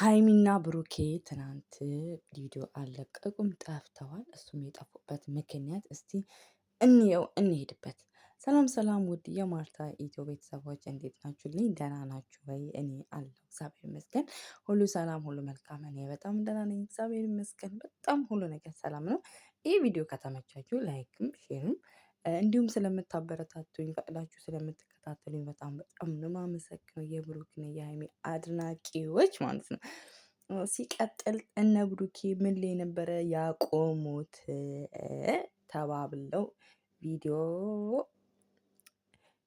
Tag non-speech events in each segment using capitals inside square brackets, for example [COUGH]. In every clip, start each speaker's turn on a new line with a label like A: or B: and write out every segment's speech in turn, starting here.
A: ሀይሚና ብሩኬ ትናንት ቪዲዮ አለቀቁም፣ ጠፍተዋል። እሱም የጠፉበት ምክንያት እስቲ እንየው እንሄድበት። ሰላም ሰላም፣ ውድ የማርታ ኢትዮ ቤተሰቦች እንዴት ናችሁልኝ? ደህና ናችሁ ወይ? እኔ አለሁ እግዚአብሔር ይመስገን፣ ሁሉ ሰላም፣ ሁሉ መልካም። እኔ በጣም ደህና ነኝ እግዚአብሔር ይመስገን፣ በጣም ሁሉ ነገር ሰላም ነው። ይህ ቪዲዮ ከተመቻችሁ ላይክም ሼርም እንዲሁም ስለምታበረታቱኝ ፈቅዳችሁ ስለምት ስለምትከታተሉኝ በጣም በጣም ነው የማመሰግነው የብሩክና የሀይሚ አድናቂዎች ማለት ነው። ሲቀጥል እነ ብሩኬ ምን ላይ ነበረ ያቆሙት ተባብለው ቪዲዮ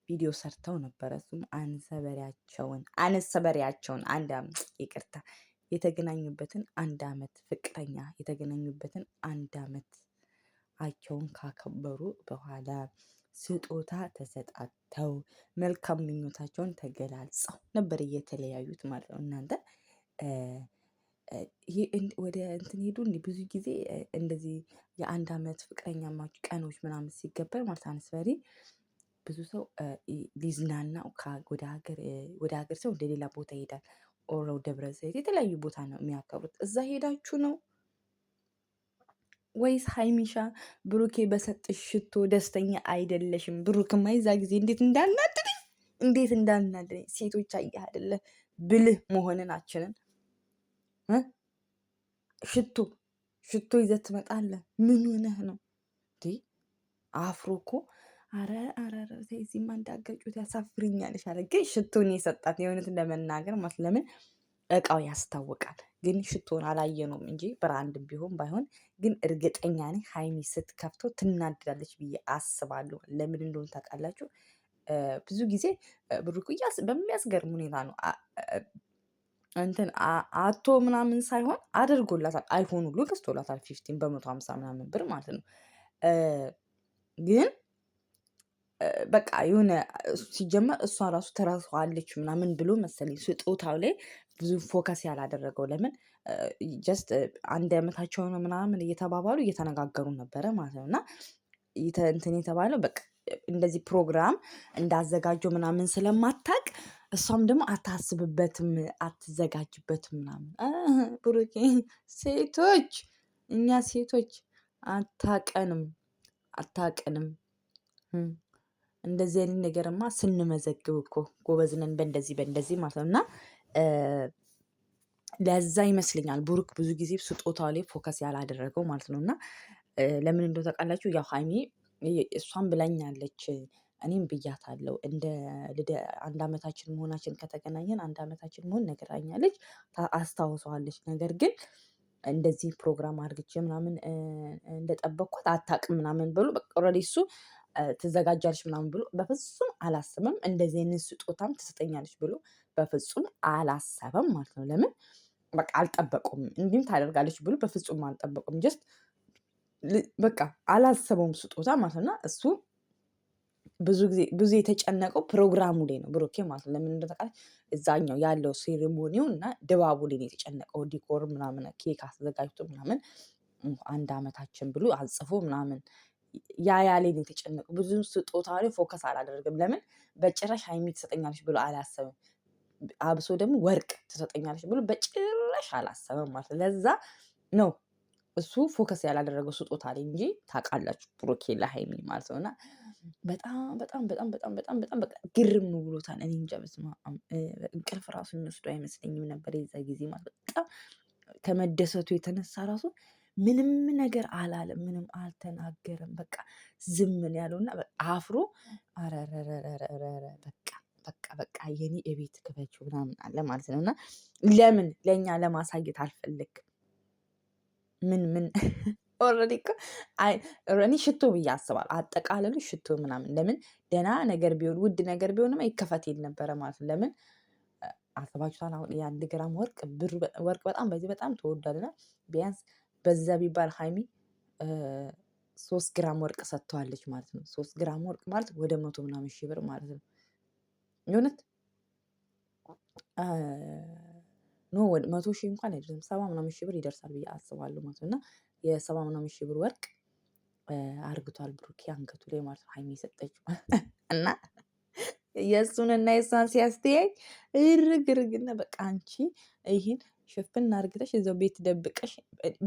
A: ቪዲዮ ሰርተው ነበረ። እሱም አንሰበሪያቸውን አንሰበሪያቸውን አንድ አመት ይቅርታ የተገናኙበትን አንድ አመት ፍቅረኛ የተገናኙበትን አንድ አመት አቸውን ካከበሩ በኋላ ስጦታ ተሰጣተው መልካም ምኞታቸውን ተገላልጸው ነበር እየተለያዩት ማለት ነው። እናንተ ወደ እንትን ሄዱ እንዲ ብዙ ጊዜ እንደዚህ የአንድ ዓመት ፍቅረኛ ቀኖች ምናምን ሲገበር ማለት አንስበሪ ብዙ ሰው ሊዝናና ወደ ሀገር ወደ ሀገር ሰው ወደ ሌላ ቦታ ይሄዳል። ኦሮ ደብረ ዘይት የተለያዩ ቦታ ነው የሚያከብሩት። እዛ ሄዳችሁ ነው ወይስ ሀይሚሻ ብሩኬ በሰጥሽ ሽቶ ደስተኛ አይደለሽም? ብሩክማ የዛ ጊዜ እንዴት እንዳናድደኝ እንዴት እንዳናድደኝ። ሴቶች አየህ አይደለ ብልህ መሆንናችንን ሽቶ ሽቶ ይዘህ ትመጣለህ። ምን ሆነህ ነው? አፍሮ እኮ አረ አረ እዚህማ እንዳገጩት ያሳፍርኛል። ግን ሽቶን የሰጣት የእውነት ለመናገር ማለት ለምን እቃው ያስታውቃል። ግን ሽቶን አላየነውም እንጂ ብራንድ ቢሆን ባይሆን ግን እርግጠኛ ነኝ ሀይሚ ስትከፍተው ትናድዳለች ብዬ አስባለሁ። ለምን እንደሆነ ታውቃላችሁ? ብዙ ጊዜ ብሩክ በሚያስገርም ሁኔታ ነው እንትን አቶ ምናምን ሳይሆን አድርጎላታል። አይፎን ሁሉ ገዝቶላታል። ፊፍቲን በመቶ ሀምሳ ምናምን ብር ማለት ነው። ግን በቃ የሆነ ሲጀመር እሷ ራሱ ተራሷለች ምናምን ብሎ መሰለኝ ስጦታው ላይ ብዙ ፎከስ ያላደረገው ለምን ጀስት አንድ ዓመታቸው ነው ምናምን እየተባባሉ እየተነጋገሩ ነበረ ማለት ነው። እና እንትን የተባለው በቃ እንደዚህ ፕሮግራም እንዳዘጋጀው ምናምን ስለማታቅ እሷም ደግሞ አታስብበትም፣ አትዘጋጅበትም ምናምን ብሩኬ ሴቶች እኛ ሴቶች አታቀንም አታቀንም እንደዚህ አይነት ነገርማ ስንመዘግብ እኮ ጎበዝነን በእንደዚህ በእንደዚህ ማለት ነው እና ለዛ ይመስለኛል ብሩክ ብዙ ጊዜ ስጦታ ላይ ፎከስ ያላደረገው ማለት ነው። እና ለምን እንደው ታውቃላችሁ፣ ያው ሀይሚ እሷን ብላኛለች እኔም ብያታለሁ። እንደ ልደ አንድ አመታችን መሆናችን ከተገናኘን አንድ አመታችን መሆን ነግራኛለች፣ አስታውሰዋለች። ነገር ግን እንደዚህ ፕሮግራም አድርግቼ ምናምን እንደጠበቅኳት አታውቅም ምናምን ብሎ ኦልሬዲ እሱ ትዘጋጃለች ምናምን ብሎ በፍጹም አላስብም እንደዚህ አይነት ስጦታም ትሰጠኛለች ብሎ በፍጹም አላሰበም ማለት ነው። ለምን በቃ አልጠበቁም፣ እንዲህም ታደርጋለች ብሎ በፍጹም አልጠበቁም። ጀስት በቃ አላሰበውም ስጦታ ማለት ነው። እሱ ብዙ ጊዜ ብዙ የተጨነቀው ፕሮግራሙ ላይ ነው ብሮኬ ማለት ነው። ለምን እንደተቃ እዛኛው ያለው ሴሬሞኒው እና ድባቡ ላይ ነው የተጨነቀው። ዲኮር ምናምን ኬክ አስዘጋጅቶ ምናምን አንድ አመታችን ብሎ አጽፎ ምናምን ያ ያሌ ነው የተጨነቀው። ብዙ ስጦታ ላይ ፎከስ አላደርግም። ለምን በጭራሽ ሀይሚ ትሰጠኛለች ብሎ አላሰብም። አብሶ ደግሞ ወርቅ ትሰጠኛለች ብሎ በጭራሽ አላሰበም ማለት ለዛ ነው እሱ ፎከስ ያላደረገው ስጦታ ላይ እንጂ ታውቃላችሁ፣ ብሩኬ ለሀይሚ ማለት ነው። እና በጣም በጣም በጣም በጣም በጣም በጣም ግርም ብሎታል። እኔ እንጃ በስመ አብ እንቅልፍ ራሱ የሚወስዱ አይመስለኝም ነበር የዛ ጊዜ ማለት በጣም ከመደሰቱ የተነሳ ራሱ ምንም ነገር አላለም፣ ምንም አልተናገረም። በቃ ዝምን ያለውና አፍሮ አረረረረረ በቃ በቃ በቃ የኔ የቤት ክፈች ምናምን አለ ማለት ነው። እና ለምን ለእኛ ለማሳየት አልፈልግ ምን ምን [LAUGHS] ኦልሬዲ እኮ እኔ ሽቶ ብዬ አስባለሁ። አጠቃለሉ ሽቶ ምናምን ለምን ደህና ነገር ቢሆን ውድ ነገር ቢሆንማ ይከፈት ይል ነበረ ማለት ነው። ለምን አስባችኋል? አሁን የአንድ ግራም ወርቅ ብሩ ወርቅ በጣም በዚህ በጣም ተወዷልና ቢያንስ በዛ ቢባል ሀይሚ ሶስት ግራም ወርቅ ሰጥተዋለች ማለት ነው። ሶስት ግራም ወርቅ ማለት ወደ መቶ ምናምን ሺህ ብር ማለት ነው። የእውነት ኖ ወደ መቶ ሺህ እንኳን አይደለም ሰባ ምናምን ሺህ ብር ይደርሳል ብዬ አስባለሁ ማለት እና የሰባ ምናምን ሺህ ብር ወርቅ አርግቷል ብሩኬ አንገቱ ላይ ማለት ነው። ሀይሚ የሰጠችው [LAUGHS] እና የእሱን እና የእሷን ሲያስተያይ እርግርግና በቃ አንቺ ይህን ሽፍን አርግተሽ እዛው ቤት ደብቀሽ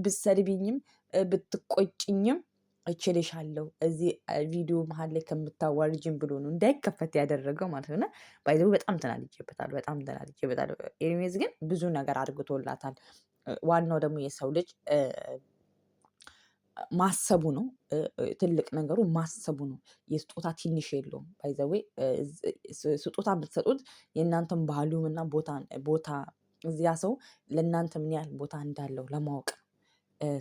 A: ብትሰድቢኝም ብትቆጭኝም እችልሻለሁ እዚህ ቪዲዮ መሀል ላይ ከምታዋርጅን ብሎ ነው እንዳይከፈት ያደረገው ማለት ነው። ባይዘ በጣም ተናድጄበታል፣ በጣም ተናድጄበታል። ኤኒዌይዝ ግን ብዙ ነገር አድርግቶላታል። ዋናው ደግሞ የሰው ልጅ ማሰቡ ነው። ትልቅ ነገሩ ማሰቡ ነው። የስጦታ ትንሽ የለውም። ባይዘዌ ስጦታ ብትሰጡት የእናንተን ባህሉም እና ቦታ ቦታ እዚያ ሰው ለእናንተ ምን ያህል ቦታ እንዳለው ለማወቅ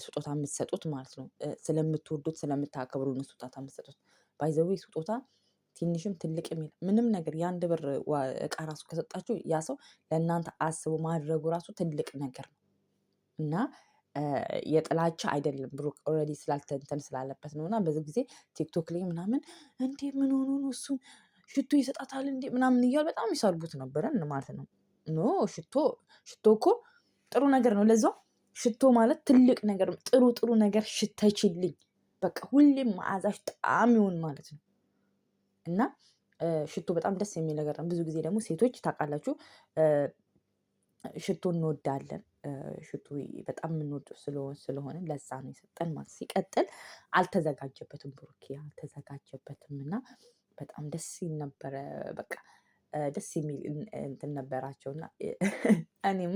A: ስጦታ የምትሰጡት ማለት ነው። ስለምትወዱት ስለምታከብሩ ነው ስጦታ የምትሰጡት። ባይዘዊ ስጦታ ትንሽም ትልቅም ምንም ነገር የአንድ ብር እቃ ራሱ ከሰጣችሁ ያ ሰው ለእናንተ አስቦ ማድረጉ ራሱ ትልቅ ነገር ነው። እና የጥላቻ አይደለም ብሩክ ኦሬዲ ስላልተንተን ስላለበት ነው። እና በዚህ ጊዜ ቲክቶክ ላይ ምናምን እንዴ ምን ሆኖ ነው ሽቶ ይሰጣታል እንዴ ምናምን እያሉ በጣም ይሰርቡት ነበረ ማለት ነው። ኖ ሽቶ ሽቶ እኮ ጥሩ ነገር ነው ለዛው ሽቶ ማለት ትልቅ ነገር ጥሩ ጥሩ ነገር ሽተችልኝ በቃ ሁሌም መዓዛሽ ጣም ይሆን ማለት ነው። እና ሽቶ በጣም ደስ የሚል ነገር ነው። ብዙ ጊዜ ደግሞ ሴቶች ታውቃላችሁ ሽቶ እንወዳለን። ሽቶ በጣም የምንወደው ስለሆነ ለዛ ነው የሰጠን ማለት። ሲቀጥል አልተዘጋጀበትም፣ ብሩኬ አልተዘጋጀበትም እና በጣም ደስ ይል ነበረ በቃ ደስ የሚል እንትን ነበራቸውና እኔማ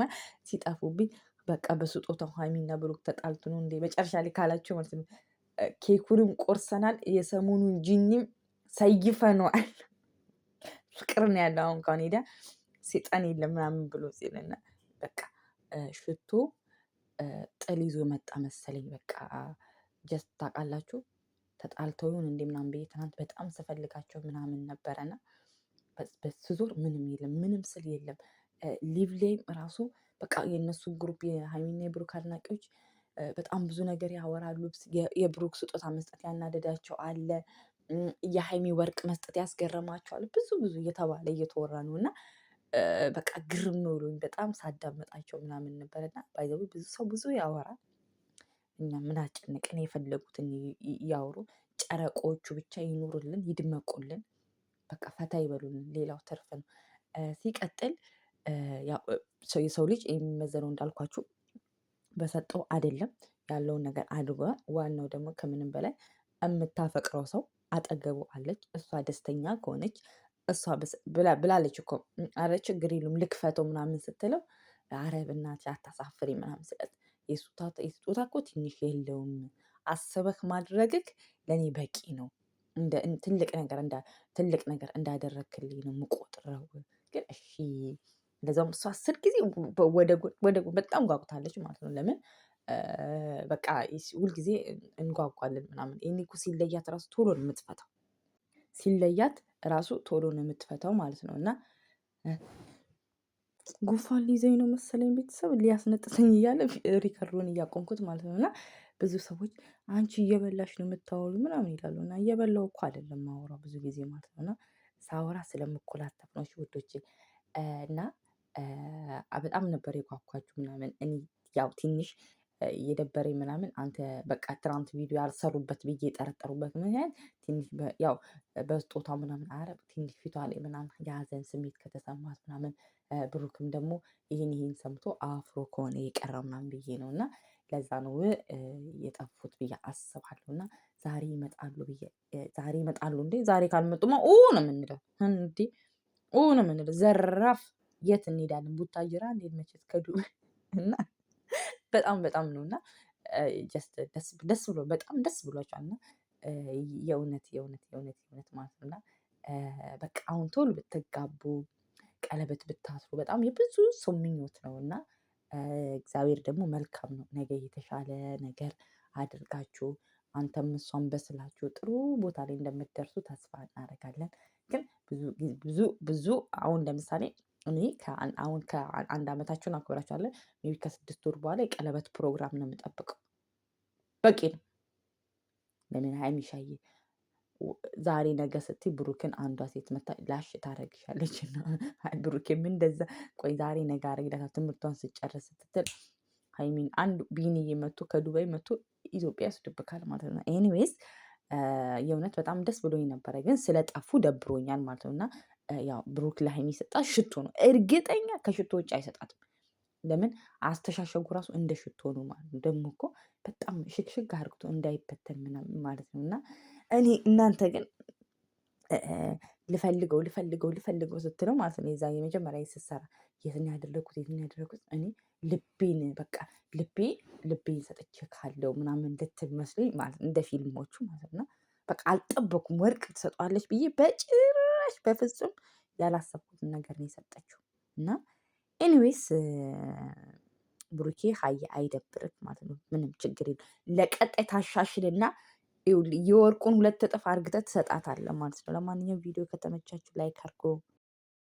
A: ሲጠፉብኝ በቃ በስጦታው ሀይሚና ብሩክ ተጣልቶ ነው እንዴ? መጨረሻ ላይ ካላቸው ማለት ነው። ኬኩንም ቆርሰናል፣ የሰሞኑን ጂኒም ሰይፈነዋል። ፍቅር ነው ያለው አሁን ካሁን ሄዳ ሴጣን የለም ምናምን ብሎ ሲልና በቃ ሽቶ ጥል ይዞ መጣ መሰለኝ። በቃ ጀስት ታውቃላችሁ፣ ተጣልተው ይሆን እንዴ ምናምን ብዬ ትናንት በጣም ስፈልጋቸው ምናምን ነበረና በስዞር ምንም የለም ምንም ስል የለም ሊቭ ላይም ራሱ በቃ የእነሱ ግሩፕ የሀይሚና የብሩክ አድናቂዎች በጣም ብዙ ነገር ያወራሉ። የብሩክ ስጦታ መስጠት ያናደዳቸው አለ፣ የሀይሚ ወርቅ መስጠት ያስገረማቸዋል። ብዙ ብዙ እየተባለ እየተወራ ነው እና በቃ ግርም ብሎኝ በጣም ሳዳመጣቸው ምናምን ነበረና ባይዘዊ ብዙ ሰው ብዙ ያወራል። እኛ ምን አጨነቅን? የፈለጉትን ያውሩ። ጨረቆቹ ብቻ ይኑሩልን፣ ይድመቁልን፣ በቃ ፈታ ይበሉልን። ሌላው ትርፍ ነው። ሲቀጥል የሰው ልጅ የሚመዘነው እንዳልኳችሁ በሰጠው አይደለም ያለውን ነገር አድርጓል። ዋናው ደግሞ ከምንም በላይ የምታፈቅረው ሰው አጠገቡ አለች። እሷ ደስተኛ ከሆነች እሷ ብላለች እኮ አረ ችግር የለውም ልክፈተው ምናምን ስትለው አረ እናት አታሳፍሪ ምናምን ስለት የስጦታ እኮ ትንሽ የለውም አስበህ ማድረግህ ለእኔ በቂ ነው። ትልቅ ነገር እንዳደረግክልኝ ነው የምቆጥረው። ግን እሺ እንደዚያውም እሷ አስር ጊዜ ወደ ጎን በጣም ጓጉታለች ማለት ነው። ለምን በቃ ሁልጊዜ እንጓጓለን ምናምን። ይህኔ እኮ ሲለያት ራሱ ቶሎ ነው የምትፈታው፣ ሲለያት ራሱ ቶሎ ነው የምትፈታው ማለት ነው። እና ጉንፋን ሊይዘኝ ነው መሰለኝ ቤተሰብ ሊያስነጥሰኝ እያለ ሪከርዶን እያቆምኩት ማለት ነው። እና ብዙ ሰዎች አንቺ እየበላሽ ነው የምታወሩ ምናምን ይላሉ። እና እየበላው እኮ አይደለም ማውራ ብዙ ጊዜ ማለት ነው። እና ሳወራ ስለምኮላተፍ ነው ውዶቼ እና በጣም ነበር የኳኳችሁ ምናምን። እኔ ያው ትንሽ እየደበረኝ ምናምን አንተ በቃ ትናንት ቪዲዮ ያልሰሩበት ብዬ የጠረጠሩበት ምክንያት ትንሽ ያው በስጦታ ምናምን አረብ ትንሽ ፊቷ ላይ ምናምን የሀዘን ስሜት ከተሰማት ምናምን ብሩክም ደግሞ ይህን ይህን ሰምቶ አፍሮ ከሆነ የቀረው ምናምን ብዬ ነው እና ለዛ ነው የጠፉት ብዬ አስባለሁ። እና ዛሬ ይመጣሉ ብዬ ዛሬ ይመጣሉ እንዴ? ዛሬ ካልመጡማ ኡ ነው የምንለው እንዴ? ኡ ነው የምንለው ዘራፍ የት እንሄዳለን? ቡታጅራ እንሄድ መቼስ ከዱባይ [LAUGHS] እና በጣም በጣም ነው እና ደስ ብሎ በጣም ደስ ብሏቸዋል እና የእውነት የእውነት የእውነት የእውነት ማለት ነው እና በቃ አሁን ቶሎ ብትጋቡ ቀለበት ብታስሩ በጣም የብዙ ሰው ምኞት ነው እና እግዚአብሔር ደግሞ መልካም ነው። ነገ የተሻለ ነገር አድርጋችሁ አንተም እሷም በስላችሁ ጥሩ ቦታ ላይ እንደምትደርሱ ተስፋ እናደርጋለን። ግን ብዙ ብዙ አሁን ለምሳሌ እኔ አሁን ከአንድ ዓመታችሁን አክብራችኋል። ሜቢ ከስድስት ወር በኋላ የቀለበት ፕሮግራም ነው የምጠብቀው። በቂ ነው። ለምን ሀይሚሻዬ ዛሬ ነገ ስትይ ብሩክን አንዷ ሴት መታ ላሽ ታደርግሻለች። እና ብሩክ ምን እንደዛ ቆይ ዛሬ ነገ አረግዳታ ትምህርቷን ስጨርስ ስትል ሀይሚን አንድ ቢኒዬ መቶ ከዱባይ መቶ ኢትዮጵያ ያስደብካል ማለት ነው። ኤኒዌይስ የእውነት በጣም ደስ ብሎኝ ነበረ፣ ግን ስለጠፉ ደብሮኛል ማለት ነው እና ያው ብሩክ ለሀይሚ ሰጣት ሽቶ ነው። እርግጠኛ ከሽቶ ውጭ አይሰጣትም። ለምን አስተሻሸጉ ራሱ እንደ ሽቶ ነው ማለት ነው። ደግሞ እኮ በጣም ሽግሽግ አርግቶ እንዳይበተን ምናምን ማለት ነው። እና እኔ እናንተ ግን ልፈልገው ልፈልገው ልፈልገው ስትለው ማለት ነው የዛ የመጀመሪያ ስትሰራ የትን ያደረግኩት የትን ያደረግኩት እኔ ልቤን በቃ ልቤ ልቤን ሰጥቼ ካለው ምናምን ልትመስለኝ ማለት እንደ ፊልሞቹ ማለት ነው። በቃ አልጠበኩም ወርቅ ትሰጧለች ብዬ በጭ ጭራሽ በፍጹም ያላሰብኩትን ነገር ነው የሰጠችው። እና ኤኒዌይስ ብሩኬ ሀየ አይደብርም ማለት ነው። ምንም ችግር የለም። ለቀጣይ ታሻሽልና የወርቁን ሁለት እጥፍ አርግተ ትሰጣታለ ማለት ነው። ለማንኛውም ቪዲዮ ከተመቻችሁ ላይክ አድርጎ